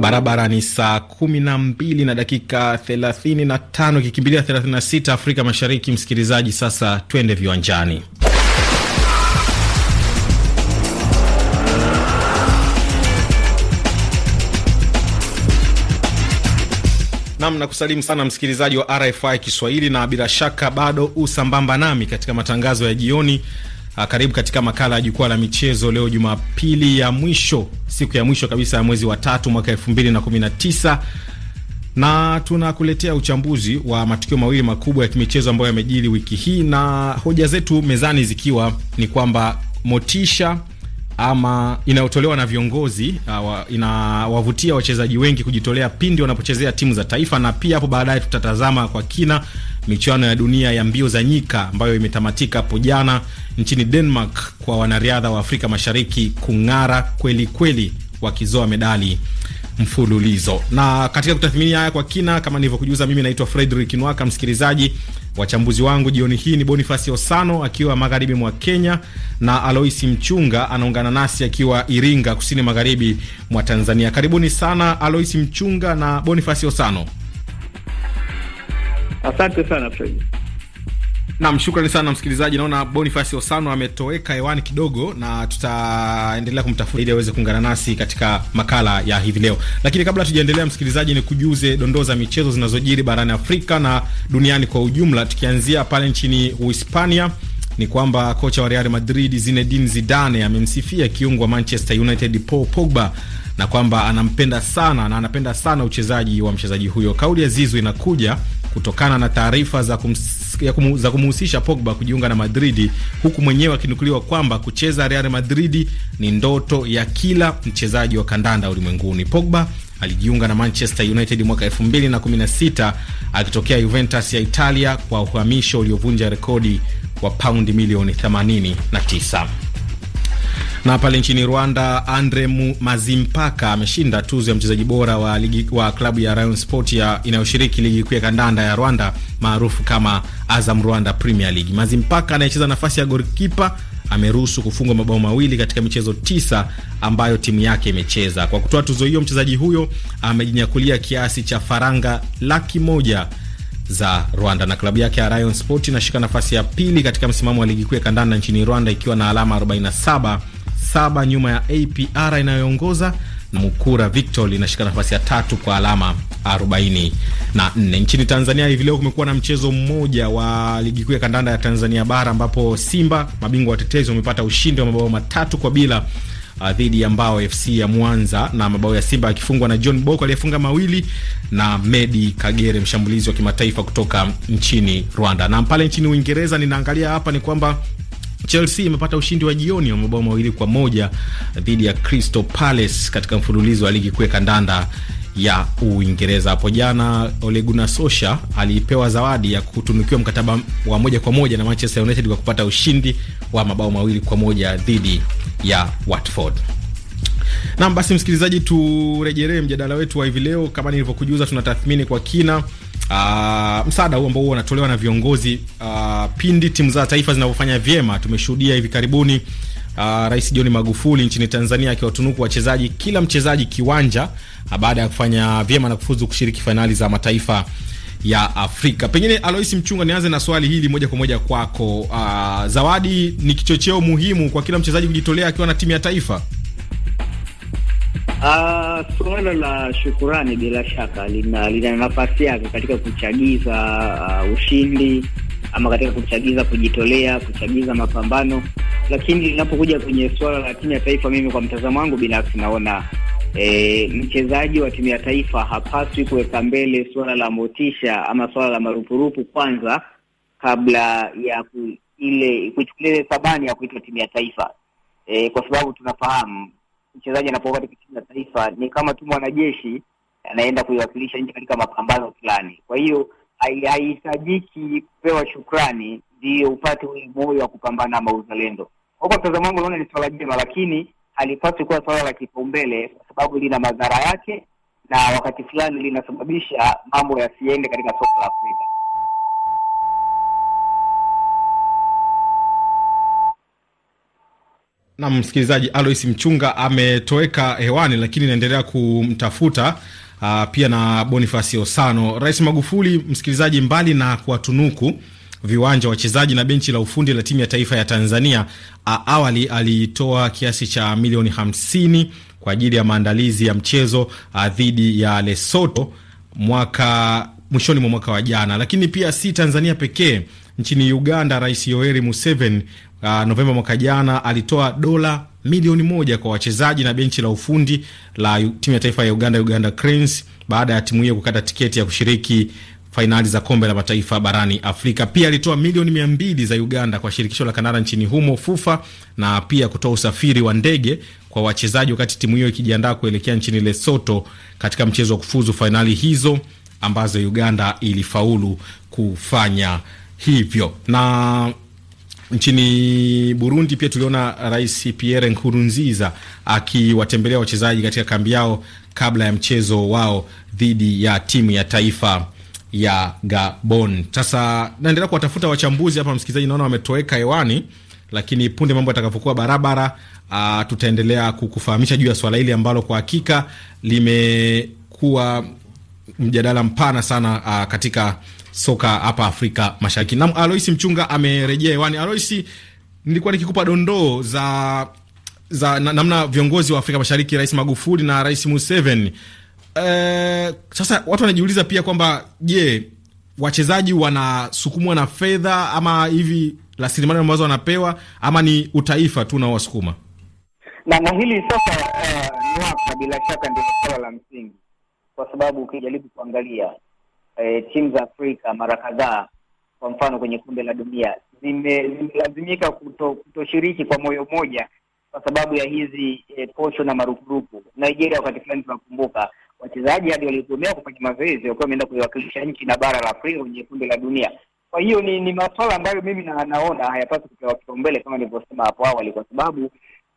barabara ni saa kumi na mbili na dakika thelathini na tano ikikimbilia thelathini na sita Afrika Mashariki. Msikilizaji, sasa twende viwanjani. Nam na kusalimu sana msikilizaji wa RFI Kiswahili, na bila shaka bado usambamba nami katika matangazo ya jioni Ah, karibu katika makala ya jukwaa la michezo leo Jumapili ya mwisho, siku ya mwisho kabisa ya mwezi wa tatu mwaka 2019 na tunakuletea uchambuzi wa matukio mawili makubwa ya kimichezo ambayo yamejiri wiki hii, na hoja zetu mezani zikiwa ni kwamba motisha ama inayotolewa na viongozi ah, inawavutia wachezaji wengi kujitolea pindi wanapochezea timu za taifa, na pia hapo baadaye tutatazama kwa kina michuano ya dunia ya mbio za nyika ambayo imetamatika hapo jana nchini Denmark kwa wanariadha wa Afrika Mashariki kung'ara kweli kweli, wakizoa medali mfululizo. Na katika kutathmini haya kwa kina, kama nilivyokujuza, mimi naitwa Fredrick Nwaka. Msikilizaji, wachambuzi wangu jioni hii ni Bonifasi Osano akiwa magharibi mwa Kenya na Aloisi Mchunga anaungana nasi akiwa Iringa, kusini magharibi mwa Tanzania. Karibuni sana Aloisi Mchunga na Bonifasi Osano. Asante sana Fred. Nam, shukrani sana msikilizaji. Naona Boniface Osano ametoweka hewani kidogo, na tutaendelea kumtafuta ili aweze kuungana nasi katika makala ya hivi leo. Lakini kabla tujaendelea, msikilizaji, ni kujuze dondoo za michezo zinazojiri barani Afrika na duniani kwa ujumla, tukianzia pale nchini Uhispania ni kwamba kocha wa Real Madrid Zinedine Zidane amemsifia kiungo wa Manchester United Paul Pogba na kwamba anampenda sana na anapenda sana uchezaji wa mchezaji huyo. Kauli ya Zizou inakuja kutokana na taarifa za, kum, za kumhusisha Pogba kujiunga na Madridi, huku mwenyewe akinukuliwa kwamba kucheza Real Madridi ni ndoto ya kila mchezaji wa kandanda ulimwenguni. Pogba alijiunga na Manchester United mwaka 2016 akitokea Juventus ya Italia kwa uhamisho uliovunja rekodi wa paundi milioni 89. Na pale nchini Rwanda, Andre Mazimpaka ameshinda tuzo ya mchezaji bora wa ligi wa klabu ya Rayon Sport ya inayoshiriki ligi kuu ya kandanda ya Rwanda maarufu kama Azam Rwanda Premier League. Mazimpaka anayecheza nafasi ya golikipa ameruhusu kufungwa mabao mawili katika michezo tisa ambayo timu yake imecheza. Kwa kutoa tuzo hiyo, mchezaji huyo amejinyakulia kiasi cha faranga laki moja za Rwanda na klabu yake ya Rayon Sport inashika nafasi ya pili katika msimamo wa ligi kuu ya kandanda nchini Rwanda ikiwa na alama 47 saba nyuma ya APR inayoongoza na Mukura Victor nafasi ya tatu kwa alama 44. Nchini Tanzania hivi leo kumekuwa na mchezo mmoja wa ligi kuu ya kandanda ya Tanzania bara ambapo Simba mabingwa watetezi wamepata ushindi wa mabao matatu kwa bila uh, dhidi ya Mbao FC ya Mwanza na mabao ya Simba akifungwa na John Boko aliyefunga mawili na Medi Kagere mshambulizi wa kimataifa kutoka nchini Rwanda. Na pale nchini Uingereza ninaangalia hapa ni kwamba Chelsea imepata ushindi wa jioni wa mabao mawili kwa moja dhidi ya Crystal Palace katika mfululizo wa ligi kuu ya kandanda ya Uingereza. Hapo jana Ole Gunnar Solskjaer alipewa zawadi ya kutunukiwa mkataba wa moja kwa moja na Manchester United kwa kupata ushindi wa mabao mawili kwa moja dhidi ya Watford. Nam basi, msikilizaji, turejelee mjadala wetu wa hivi leo. Kama nilivyokujuza, tunatathmini kwa kina uh, msaada huu ambao unatolewa na viongozi uh, pindi timu za taifa zinavyofanya vyema. Tumeshuhudia hivi karibuni Uh, Rais John Magufuli nchini Tanzania akiwatunuku wachezaji kila mchezaji kiwanja baada ya kufanya vyema na kufuzu kushiriki fainali za mataifa ya Afrika. Pengine Alois Mchunga, nianze na swali hili moja kwa moja kwako. Uh, zawadi ni kichocheo muhimu kwa kila mchezaji kujitolea akiwa na timu ya taifa. Uh, suala la shukurani bila shaka lina, lina nafasi yake katika kuchagiza uh, ushindi ama katika kuchagiza kujitolea, kuchagiza mapambano, lakini linapokuja kwenye suala la timu ya taifa, mimi kwa mtazamo wangu binafsi naona e, mchezaji wa timu ya taifa hapaswi kuweka mbele suala la motisha ama suala la marupurupu kwanza kabla ya ku, ile kuchukulia ile thamani ya kuitwa timu ya taifa e, kwa sababu tunafahamu mchezaji anapokuwa katika timu ya taifa ni kama tu mwanajeshi anaenda kuiwakilisha nchi katika mapambano fulani. Kwa hiyo haihitajiki kupewa shukrani ndiyo upate ule moyo wa kupambana ama uzalendo. Kwa mtazamo wangu, naona ni swala jema, lakini halipaswi kuwa swala la kipaumbele, kwa sababu lina madhara yake na wakati fulani linasababisha mambo yasiende katika soka la Afrika. na msikilizaji Alois Mchunga ametoweka hewani, lakini naendelea kumtafuta uh, pia na Bonifasi Osano. Rais Magufuli, msikilizaji, mbali na kuwatunuku viwanja wachezaji na benchi la ufundi la timu ya taifa ya Tanzania, ah, awali alitoa kiasi cha milioni 50 kwa ajili ya maandalizi ya mchezo ah, dhidi ya lesoto mwaka mwishoni mwa mwaka wa jana. Lakini pia si Tanzania pekee, nchini Uganda Rais Yoweri Museveni uh, Novemba mwaka jana alitoa dola milioni moja kwa wachezaji na benchi la ufundi la timu ya taifa ya Uganda, Uganda Cranes, baada ya timu hiyo kukata tiketi ya kushiriki fainali za kombe la mataifa barani Afrika. Pia alitoa milioni mia mbili za Uganda kwa shirikisho la Kanada nchini humo FUFA, na pia kutoa usafiri wa ndege kwa wachezaji, wakati timu hiyo ikijiandaa kuelekea nchini Lesoto katika mchezo wa kufuzu fainali hizo ambazo Uganda ilifaulu kufanya hivyo na Nchini Burundi pia tuliona Rais Pierre Nkurunziza akiwatembelea wachezaji katika kambi yao kabla ya mchezo wao dhidi ya timu ya taifa ya Gabon. Sasa naendelea kuwatafuta wachambuzi hapa, msikilizaji, naona wametoweka hewani, lakini punde mambo yatakapokuwa barabara, uh, tutaendelea kukufahamisha juu ya swala hili ambalo kwa hakika limekuwa mjadala mpana sana uh, katika soka hapa Afrika Mashariki. Naam, Aloisi Mchunga amerejea hewani. Aloisi, nilikuwa nikikupa dondoo za za na, namna viongozi wa Afrika Mashariki, Rais Magufuli na Rais Museveni. E, sasa watu wanajiuliza pia kwamba je, wachezaji wanasukumwa na fedha ama hivi rasilimali ambazo wanapewa ama ni utaifa tu unaowasukuma? Na, na hili sasa uh, eh, ni waka bila shaka ndio swala la msingi, kwa sababu ukijaribu kuangalia eh, timu za Afrika mara kadhaa, kwa mfano kwenye kombe la dunia zimelazimika kuto, kutoshiriki kwa moyo moja kwa sababu ya hizi eh, posho na marupurupu. Nigeria wakati fulani tunakumbuka wachezaji hadi waliogomea kufanya mazoezi wakiwa wameenda kuiwakilisha nchi na bara la Afrika kwenye kombe la dunia. Kwa hiyo ni, ni masuala ambayo mimi na, naona hayapaswi kupewa kipaumbele kama nilivyosema hapo awali, kwa sababu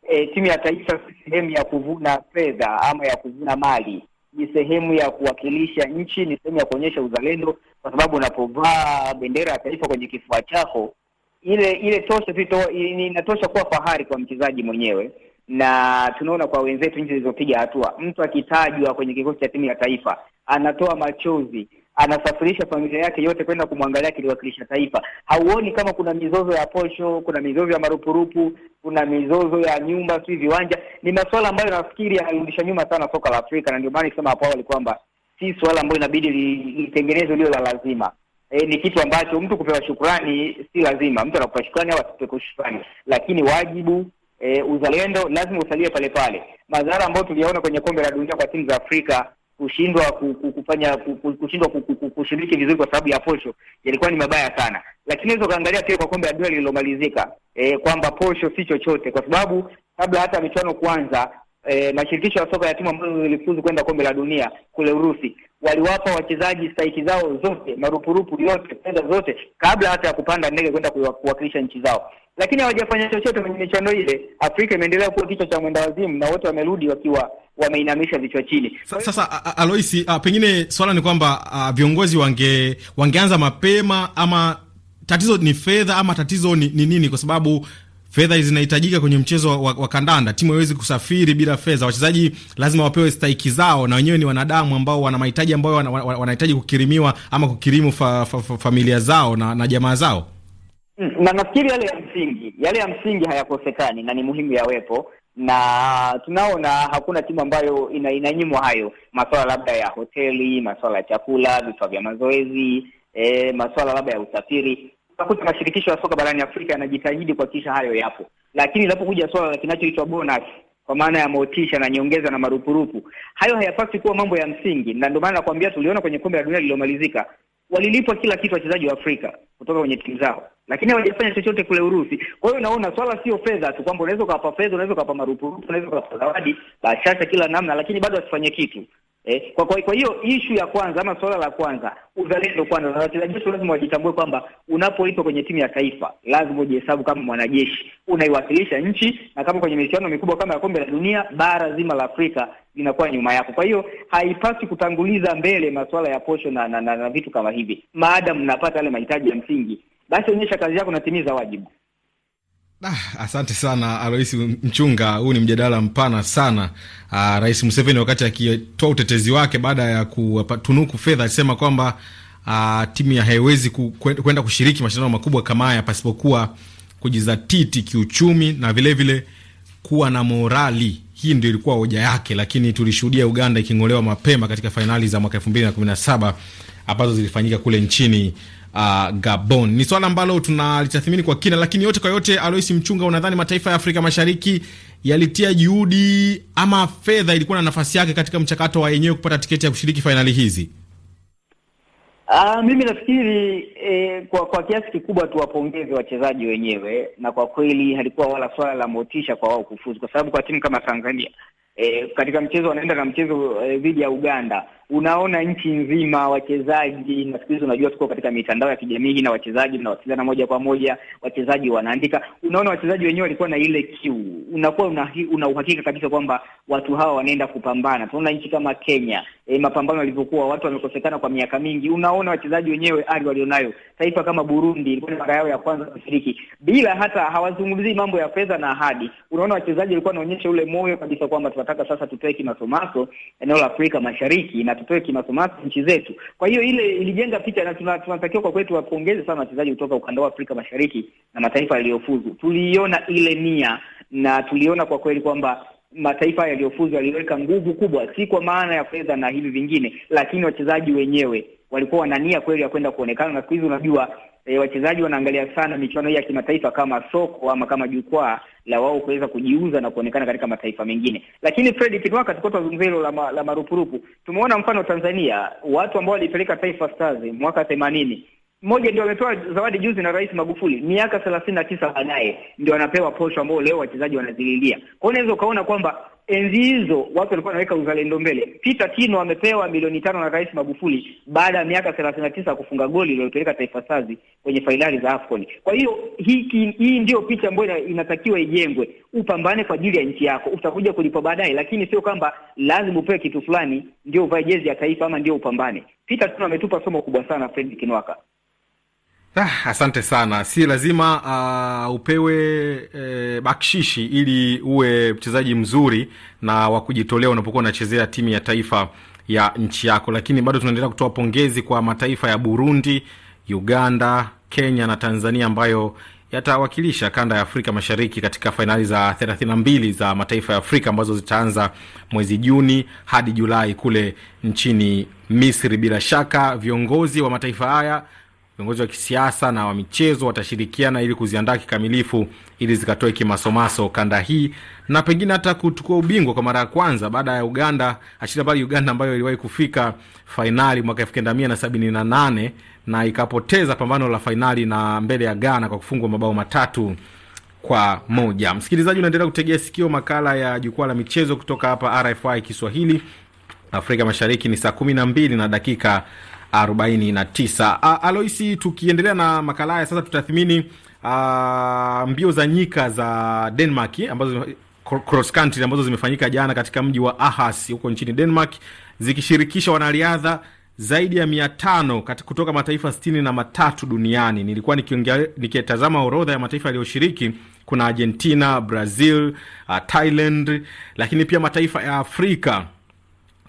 e, timu ya taifa si sehemu ya kuvuna fedha ama ya kuvuna mali ni sehemu ya kuwakilisha nchi, ni sehemu ya kuonyesha uzalendo, kwa sababu unapovaa bendera ya taifa kwenye kifua chako, ile ile tosha inatosha kuwa fahari kwa mchezaji mwenyewe, na tunaona kwa wenzetu nchi zilizopiga hatua, mtu akitajwa kwenye kikosi cha timu ya taifa anatoa machozi anasafirisha familia yake yote kwenda kumwangalia akiliwakilisha taifa. Hauoni kama kuna mizozo ya posho, kuna mizozo ya marupurupu, kuna mizozo ya nyumba, si viwanja? Ni masuala ambayo nafikiri yanarudisha nyuma sana soka la Afrika, na ndio maana nikisema hapo awali kwamba si suala ambayo inabidi litengenezwe lio la lazima. E, ni kitu ambacho mtu kupewa shukrani si lazima, mtu anakupa shukrani au asipewe shukrani, lakini wajibu e, uzalendo lazima usalie pale pale. Madhara ambayo tuliyaona kwenye kombe la dunia kwa timu za Afrika kushindwa kufanya kushindwa kushiriki vizuri kwa sababu ya posho yalikuwa ni mabaya sana, lakini unaweza ukaangalia pia kwa kombe la dunia lililomalizika e, eh, kwamba posho si chochote, kwa sababu kabla hata michuano kuanza e, mashirikisho ya soka ya timu ambazo zilifuzu kwenda kombe la dunia kule Urusi waliwapa wachezaji stahiki zao zote, marupurupu yote, fedha zote, kabla hata ya kupanda ndege kwenda kuwakilisha nchi zao, lakini hawajafanya chochote kwenye michano ile. Afrika imeendelea kuwa kichwa cha mwenda wazimu na wote wamerudi wakiwa wameinamisha vichwa chini. Sasa Aloisi, pengine swala ni kwamba a, viongozi wange wangeanza mapema ama tatizo ni fedha ama tatizo ni nini? Kwa sababu fedha zinahitajika kwenye mchezo wa, wa kandanda. Timu haiwezi kusafiri bila fedha, wachezaji lazima wapewe stahiki zao, na wenyewe ni wanadamu ambao wana mahitaji ambayo wanahitaji kukirimiwa ama kukirimu fa, fa, fa, familia zao na, na jamaa zao, mm, na nafikiri yale ya msingi yale ya msingi hayakosekani na ni muhimu yawepo na tunaona hakuna timu ambayo ina, inanyimwa hayo masuala labda ya hoteli, masuala ya chakula, vifaa vya mazoezi, e, eh, masuala labda ya usafiri utakuta mashirikisho ya soka barani Afrika yanajitahidi kuhakikisha hayo yapo, lakini inapokuja swala la kinachoitwa bonus kwa maana ya motisha na nyongeza na marupurupu, hayo hayapaswi kuwa mambo ya msingi, na ndio maana nakwambia, tuliona kwenye kombe la dunia lililomalizika walilipwa kila kitu wachezaji wa Afrika kutoka kwenye timu zao, lakini hawajafanya chochote kule Urusi. Kwa hiyo unaona swala sio fedha tu, kwamba unaweza ukawapa fedha, unaweza ukawapa marupurupu, unaweza ukawapa zawadi, bashasha, kila namna, lakini bado wasifanye kitu. Eh, kwa kwa kwa hiyo ishu ya kwanza ama suala la kwanza uzalendo kwanza, na wachezaji wetu lazima wajitambue kwamba unapoitwa kwenye timu ya taifa lazima ujihesabu kama mwanajeshi, unaiwakilisha nchi, na kama kwenye michuano mikubwa kama ya kombe la dunia, bara zima la Afrika linakuwa nyuma yako. Kwa hiyo haipaswi kutanguliza mbele masuala ya posho na, na, na, na vitu kama hivi. Maadamu mnapata yale mahitaji ya msingi, basi onyesha kazi yako, natimiza wajibu. Ah, asante sana Aloisi ah, Mchunga. Huu ni mjadala mpana sana. Ah, Rais Museveni wakati akitoa utetezi wake baada ya kutunuku fedha alisema kwamba ah, timu ya haiwezi kwenda kushiriki mashindano makubwa kama haya pasipokuwa kujizatiti kiuchumi na vilevile vile kuwa na morali. Hii ndio ilikuwa hoja yake, lakini tulishuhudia Uganda iking'olewa mapema katika fainali za mwaka elfu mbili na kumi na saba ambazo zilifanyika kule nchini uh, Gabon. Ni swala ambalo tunalitathmini kwa kina, lakini yote kwa yote, alois Mchunga, unadhani mataifa ya Afrika Mashariki yalitia juhudi ama fedha ilikuwa na nafasi yake katika mchakato wa yenyewe kupata tiketi ya kushiriki fainali hizi? Uh, mimi nafikiri eh, kwa kwa kiasi kikubwa tuwapongeze wachezaji wenyewe, na kwa kweli halikuwa wala swala la motisha kwa wao kufuzu, kwa sababu kwa timu kama Tanzania eh, katika mchezo wanaenda na mchezo eh, dhidi eh, ya Uganda unaona nchi nzima wachezaji, na siku hizi unajua tuko katika mitandao ya kijamii na wachezaji mnawasiliana moja kwa moja, wachezaji wanaandika, unaona wachezaji wenyewe walikuwa na ile kiu, unakuwa una, una uhakika kabisa kwamba watu hawa wanaenda kupambana. Tunaona nchi kama Kenya, e, mapambano yalivyokuwa, watu wamekosekana kwa miaka mingi, unaona wachezaji wenyewe ari walionayo. Taifa kama Burundi ilikuwa ni mara yao ya kwanza kushiriki bila hata, hawazungumzii mambo ya fedha na ahadi. Unaona wachezaji walikuwa wanaonyesha ule moyo kabisa kwamba tunataka sasa tutoe kimasomaso eneo la Afrika Mashariki na tutoe kimasomaso nchi zetu. Kwa hiyo ile ilijenga picha, na tunatakiwa kwa kweli tuwapongeze sana wachezaji kutoka ukanda wa Afrika Mashariki na mataifa yaliyofuzu. Tuliiona ile nia na tuliona kwa kweli kwamba mataifa yaliyofuzu yaliweka nguvu kubwa, si kwa maana ya fedha na hivi vingine, lakini wachezaji wenyewe walikuwa wana nia kweli ya kwenda kuonekana, na siku hizi unajua e, wachezaji wanaangalia sana michuano hii ya kimataifa kama soko ama kama jukwaa la wao kuweza kujiuza na kuonekana katika mataifa mengine. Lakini Fred Kitwaka, tulikuwa tunazungumzia hilo la, ma, la marupurupu. Tumeona mfano Tanzania, watu ambao walipeleka Taifa Stars mwaka themanini mmoja ndio ametoa zawadi juzi na Rais Magufuli, miaka thelathini na tisa baadaye ndio anapewa posho ambao leo wachezaji wanazililia. Kwa hiyo unaweza ukaona kwamba enzi hizo watu walikuwa wanaweka uzalendo mbele. Peter Tino amepewa milioni tano na Rais Magufuli baada ya miaka thelathini na tisa kufunga goli iliyopeleka Taifa Stars kwenye fainali za AFCON. Kwa hiyo hii hii ndiyo picha ambayo inatakiwa ijengwe, upambane kwa ajili ya nchi yako, utakuja kulipwa baadaye, lakini sio kwamba lazima upewe kitu fulani ndio uvae jezi ya taifa ama ndio upambane. Peter Tino ametupa somo kubwa sana, Fred Kinwaka. Ah, asante sana. Si lazima uh, upewe eh, bakshishi ili uwe mchezaji mzuri na wa kujitolea unapokuwa unachezea timu ya taifa ya nchi yako, lakini bado tunaendelea kutoa pongezi kwa mataifa ya Burundi, Uganda, Kenya na Tanzania ambayo yatawakilisha kanda ya Afrika Mashariki katika fainali za 32 za mataifa ya Afrika ambazo zitaanza mwezi Juni hadi Julai kule nchini Misri. Bila shaka viongozi wa mataifa haya viongozi wa kisiasa na wa michezo watashirikiana ili kuziandaa kikamilifu ili zikatoe kimasomaso kanda hii na pengine hata kuchukua ubingwa kwa mara ya kwanza baada ya Uganda ashinda bali Uganda ambayo iliwahi kufika fainali mwaka elfu kenda mia na sabini na nane na ikapoteza pambano la fainali na mbele ya Ghana kwa kufungwa mabao matatu kwa moja. Msikilizaji, unaendelea kutegea sikio makala ya jukwaa la michezo kutoka hapa RFI Kiswahili Afrika Mashariki. Ni saa kumi na mbili na dakika 49. Aloisi, tukiendelea na makala haya sasa, tutathmini a, mbio za nyika za Denmark ambazo cross country ambazo zimefanyika jana katika mji wa Aarhus huko nchini Denmark zikishirikisha wanariadha zaidi ya mia tano kutoka mataifa sitini na matatu duniani. Nilikuwa nikitazama orodha ya mataifa yaliyoshiriki, kuna Argentina, Brazil, uh, Thailand, lakini pia mataifa ya Afrika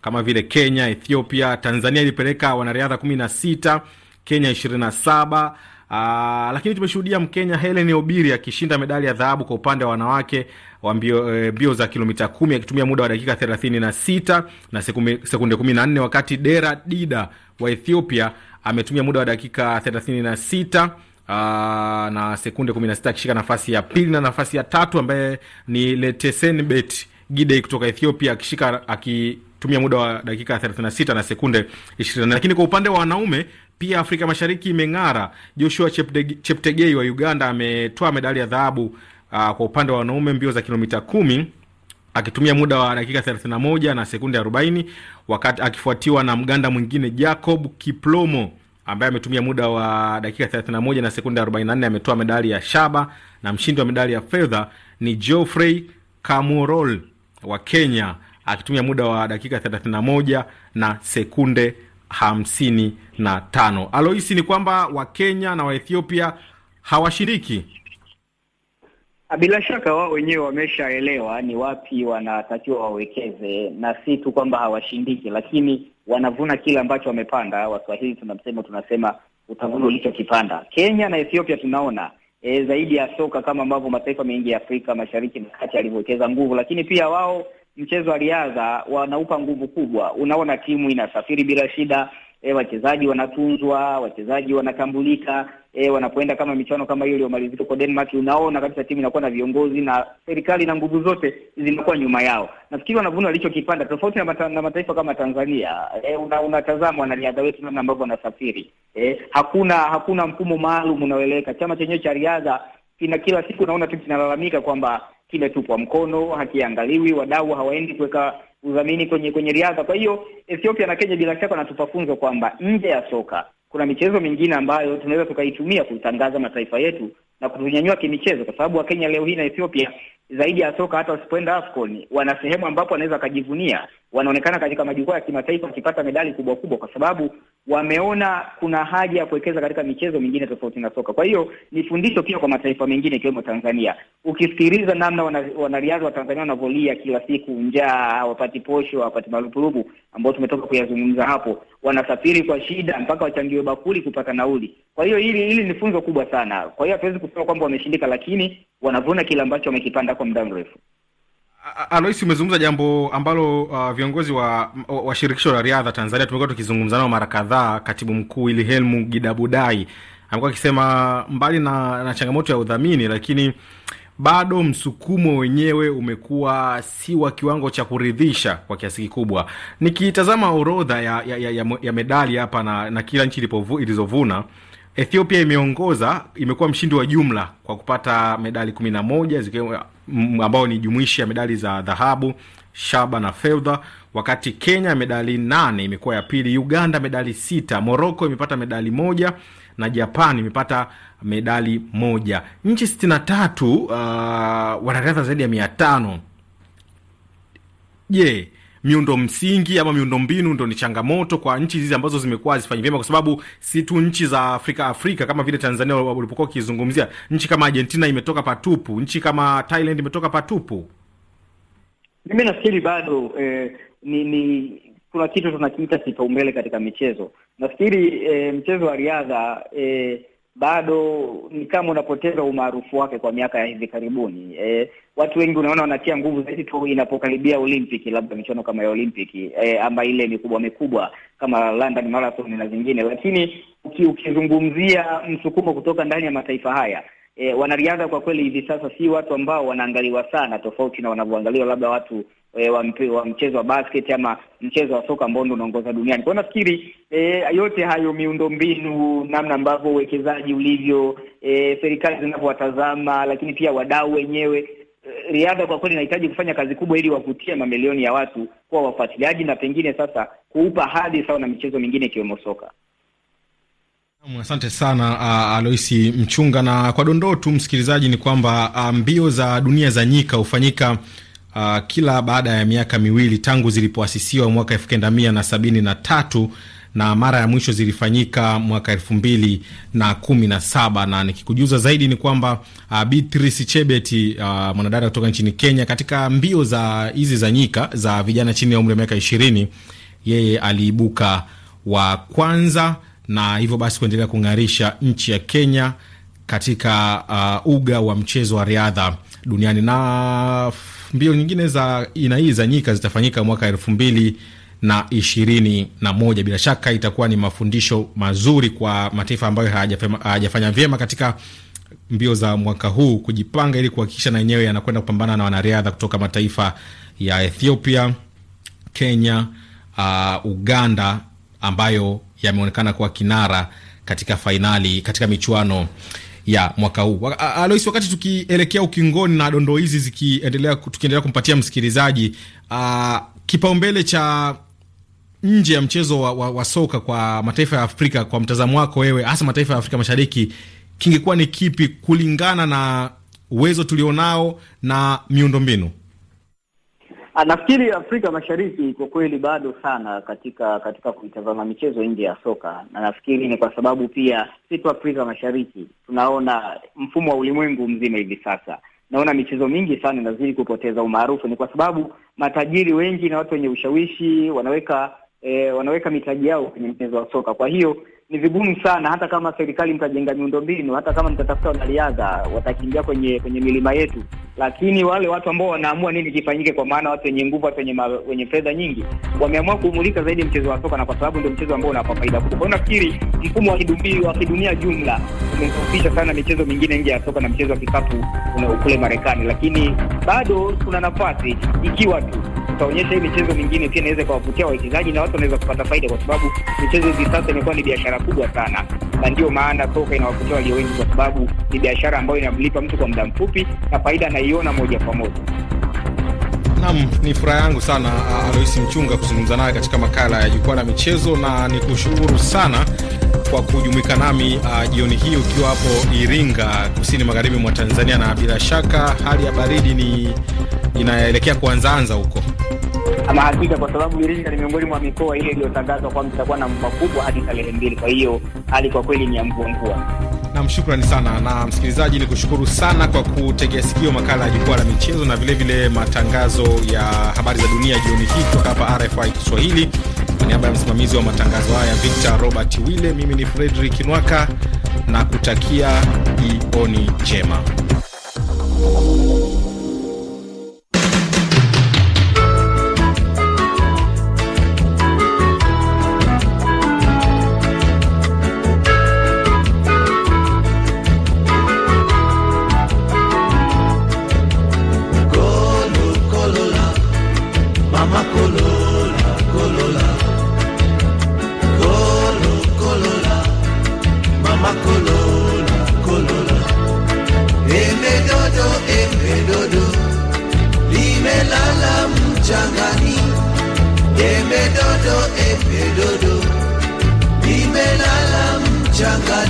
kama vile Kenya, Ethiopia, Tanzania ilipeleka wanariadha 16, Kenya 27. Aa, ah, lakini tumeshuhudia Mkenya Helen Obiri akishinda medali ya dhahabu kwa upande wa wanawake wa mbio, e, mbio za kilomita kumi akitumia muda wa dakika 36 na na sekunde 14, wakati Dera Dida wa Ethiopia ametumia muda wa dakika 36 aa, ah, na sekunde 16 akishika nafasi ya pili, na nafasi ya tatu ambaye ni Letesenbet Bet Gidei kutoka Ethiopia akishika aki tumia muda wa dakika 36 na sekunde 20. Lakini kwa upande wa wanaume pia Afrika Mashariki imeng'ara. Joshua Cheptegei wa Uganda ametoa medali ya dhahabu uh, kwa upande wa wanaume mbio za kilomita kumi akitumia muda wa dakika 31 na sekunde 40, wakati akifuatiwa na Mganda mwingine Jacob Kiplomo ambaye ametumia muda wa dakika 31 na sekunde 44, ametoa medali ya shaba, na mshindi wa medali ya fedha ni Geoffrey Kamworol wa Kenya akitumia muda wa dakika 31 na sekunde hamsini na tano. Aloisi, ni kwamba Wakenya na Waethiopia hawashiriki. Ah, bila shaka wao wenyewe wameshaelewa ni wapi wanatakiwa wawekeze, na si tu kwamba hawashindiki, lakini wanavuna kile ambacho wamepanda. Waswahili tuna msemo tunasema utavuna ulichokipanda. Kenya na Ethiopia tunaona e, zaidi ya soka kama ambavyo mataifa mengi ya Afrika Mashariki na Kati yalivyowekeza nguvu, lakini pia wao mchezo wa riadha wanaupa nguvu kubwa. Unaona timu inasafiri bila shida, e, wachezaji wanatunzwa, wachezaji wanatambulika, e, wanapoenda kama michuano kama hiyo iliyomalizika kwa Denmark, unaona kabisa timu inakuwa na viongozi na serikali na nguvu zote zinakuwa nyuma yao. Nafikiri wanavuna walichokipanda, tofauti na, mata, na mataifa kama Tanzania. E, unatazama una wanariadha wetu namna ambavyo wanasafiri. E, hakuna hakuna mfumo maalum unaoeleweka. Chama chenyewe cha riadha ina kila siku naona tu kinalalamika kwamba kimetupwa mkono, hakiangaliwi, wadau hawaendi kuweka udhamini kwenye kwenye riadha. Kwa hiyo Ethiopia na Kenya bila shaka wanatupa funzo kwamba nje ya soka kuna michezo mingine ambayo tunaweza tukaitumia kutangaza mataifa yetu na kutunyanyua kimichezo, kwa sababu Wakenya leo hii na Ethiopia zaidi ya soka, hata wasipoenda AFCON wana sehemu ambapo wanaweza wakajivunia, wanaonekana katika majukwaa ya kimataifa wakipata medali kubwa kubwa, kwa sababu wameona kuna haja ya kuwekeza katika michezo mingine tofauti na soka. Kwa hiyo ni fundisho pia kwa mataifa mengine ikiwemo Tanzania. Ukisikiliza namna wanariadha wa Tanzania wanavyolia kila siku, njaa, hawapati posho, hawapati marupurupu, ambao tumetoka kuyazungumza hapo, wanasafiri kwa shida mpaka wachangiwe bakuli kupata nauli. Kwa hiyo hili hili ni funzo kubwa sana. Kwa hiyo hatuwezi kusema kwamba wameshindika, lakini wanavuna kile ambacho wamekipanda kwa muda mrefu. Aloisi, umezungumza jambo ambalo uh, viongozi wa, wa shirikisho la riadha Tanzania tumekuwa tukizungumza nao mara kadhaa. Katibu mkuu Wilhelmu Gidabudai amekuwa akisema mbali na, na changamoto ya udhamini, lakini bado msukumo wenyewe umekuwa si wa kiwango cha kuridhisha kwa kiasi kikubwa. Nikitazama orodha ya, ya, ya, ya medali hapa na, na kila nchi ilizovuna Ethiopia imeongoza, imekuwa mshindi wa jumla kwa kupata medali kumi na moja mm, ambao ni jumuishi ya medali za dhahabu, shaba na fedha, wakati Kenya medali nane imekuwa ya pili, Uganda medali sita, moroko imepata medali moja na Japan imepata medali moja. Nchi sitini na tatu, uh, wanariadha zaidi ya mia tano. Je, miundo msingi ama miundo mbinu ndo ni changamoto kwa nchi hizi ambazo zimekuwa hazifanyi vyema, kwa sababu si tu nchi za Afrika Afrika kama vile Tanzania ulipokuwa ukizungumzia, nchi kama Argentina imetoka patupu, nchi kama Thailand imetoka patupu. Mimi nafikiri bado eh, ni, ni kuna kitu tunakiita kipaumbele katika michezo. Nafikiri eh, mchezo wa riadha eh, bado ni kama unapoteza umaarufu wake kwa miaka ya hivi karibuni. E, watu wengi unaona wanatia nguvu zaidi tu inapokaribia Olimpiki, labda michuano kama ya Olimpiki e, ama ile mikubwa mikubwa kama London Marathon na zingine, lakini ukizungumzia msukumo kutoka ndani ya mataifa haya e, wanariadha kwa kweli hivi sasa si watu ambao wanaangaliwa sana, tofauti na wanavyoangaliwa labda watu e, wa, wa mchezo wa basket ama mchezo wa soka ambao ndio unaongoza duniani. Kwa hiyo nafikiri e, yote hayo miundombinu, namna ambavyo uwekezaji ulivyo, e, serikali zinavyowatazama, lakini pia wadau wenyewe e, riadha kwa kweli inahitaji kufanya kazi kubwa ili wavutie mamilioni ya watu kuwa wafuatiliaji na pengine sasa kuupa hadhi sawa na michezo mingine ikiwemo soka. Asante sana Aloisi Mchunga. Na kwa dondoo tu, msikilizaji, ni kwamba mbio za dunia za nyika hufanyika uh, kila baada ya miaka miwili tangu zilipoasisiwa mwaka elfu kenda mia na sabini na tatu na mara ya mwisho zilifanyika mwaka elfu mbili na kumi na saba na nikikujuza zaidi ni kwamba uh, Beatrice Chebet uh, mwanadada kutoka nchini Kenya katika mbio za hizi za nyika za vijana chini ya umri wa miaka ishirini yeye aliibuka wa kwanza na hivyo basi kuendelea kung'arisha nchi ya Kenya katika uh, uga wa mchezo wa riadha duniani na mbio nyingine za aina hii za nyika zitafanyika mwaka elfu mbili na ishirini na moja. Bila shaka itakuwa ni mafundisho mazuri kwa mataifa ambayo hayajafanya vyema katika mbio za mwaka huu kujipanga ili kuhakikisha na yenyewe yanakwenda kupambana na wanariadha kutoka mataifa ya Ethiopia, Kenya, uh, Uganda ambayo yameonekana kuwa kinara katika fainali katika michuano ya mwaka huu. Alois, wakati tukielekea ukingoni na dondoo hizi zikiendelea, tukiendelea kumpatia msikilizaji kipaumbele cha nje ya mchezo wa, wa, wa soka kwa mataifa ya Afrika, kwa mtazamo wako wewe, hasa mataifa ya Afrika Mashariki, kingekuwa ni kipi kulingana na uwezo tulionao na miundombinu? Ah, nafikiri Afrika Mashariki kwa kweli bado sana katika katika kuitazama michezo nje ya soka, na nafikiri ni kwa sababu pia si tu Afrika Mashariki, tunaona mfumo wa ulimwengu mzima hivi sasa. Naona michezo mingi sana inazidi kupoteza umaarufu, ni kwa sababu matajiri wengi na watu wenye ushawishi wanaweka eh, wanaweka mitaji yao kwenye mchezo wa soka, kwa hiyo ni vigumu sana, hata kama serikali mtajenga miundombinu, hata kama mtatafuta wanariadha watakimbia kwenye kwenye milima yetu, lakini wale watu ambao wanaamua nini kifanyike, kwa maana watu wenye nguvu, watu wenye wenye fedha nyingi, wameamua kuumulika zaidi mchezo wa soka, na kwa sababu ndio mchezo ambao unawapa faida kubwa. Kwa hiyo nafikiri mfumo wa kidumbia wa kidunia jumla umefufisha sana michezo mingine nje ya soka na mchezo wa kikapu kule Marekani, lakini bado kuna nafasi ikiwa tu tutaonyesha hii michezo mingine pia inaweza ikawavutia wawekezaji na watu wanaweza kupata faida, kwa sababu michezo hivi sasa imekuwa ni biashara biashara kubwa sana, na ndio maana soka inawavutia walio wengi, kwa sababu ni biashara ambayo inamlipa mtu kwa muda mfupi na faida anaiona moja kwa moja. Nam, ni furaha yangu sana Aloisi Mchunga kuzungumza naye katika makala ya jukwaa la michezo, na ni kushukuru sana kwa kujumuika nami uh, jioni hii ukiwa hapo Iringa, kusini magharibi mwa Tanzania, na bila shaka hali ya baridi ni inaelekea kuanzaanza huko. Ama hakika kwa sababu Iringa ni miongoni mwa mikoa ile iliyotangazwa kwamba itakuwa na mvua kubwa hadi tarehe mbili. Kwa hiyo hali kwa kweli ni ya mvua mvua. Nam, shukrani sana. Na msikilizaji, ni kushukuru sana kwa kutegea sikio makala ya jukwaa la michezo na vilevile vile matangazo ya habari za dunia jioni hii kutoka hapa RFI Kiswahili. Kwa niaba ya msimamizi wa matangazo haya Victor Robert Wille, mimi ni Fredrik Nwaka na kutakia jioni njema. changani embedodo embedodo imelala mchangani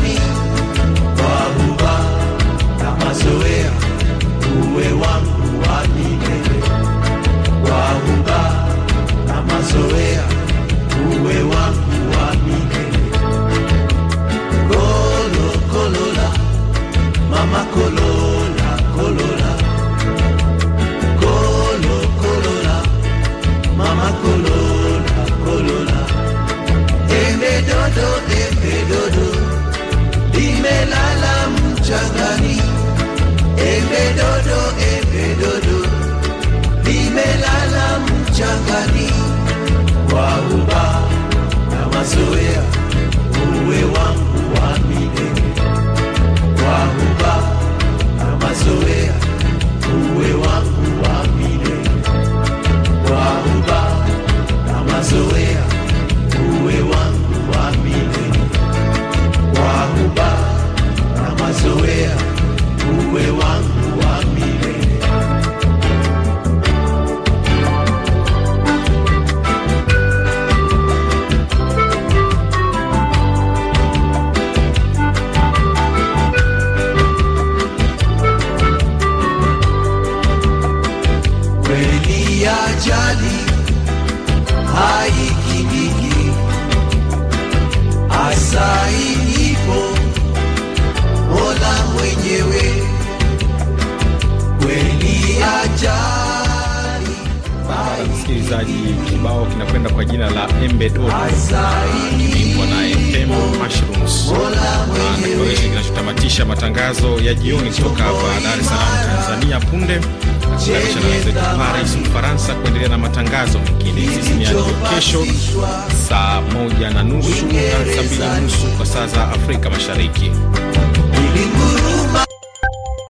haikidiki asai ipo Mola mwenyewe kweli ajali. Msikilizaji, kibao kinakwenda kwa jina la Embe Dodo kiimbwa na FM Mushrooms, na kinacho tamatisha matangazo ya jioni kutoka hapa Dar es Salaam Tanzania punde kutanisha na wenzetu Paris, Ufaransa, kuendelea na matangazo mengine. Sisi ni hadi kesho saa moja na nusu na saa mbili nusu kwa saa za Afrika Mashariki.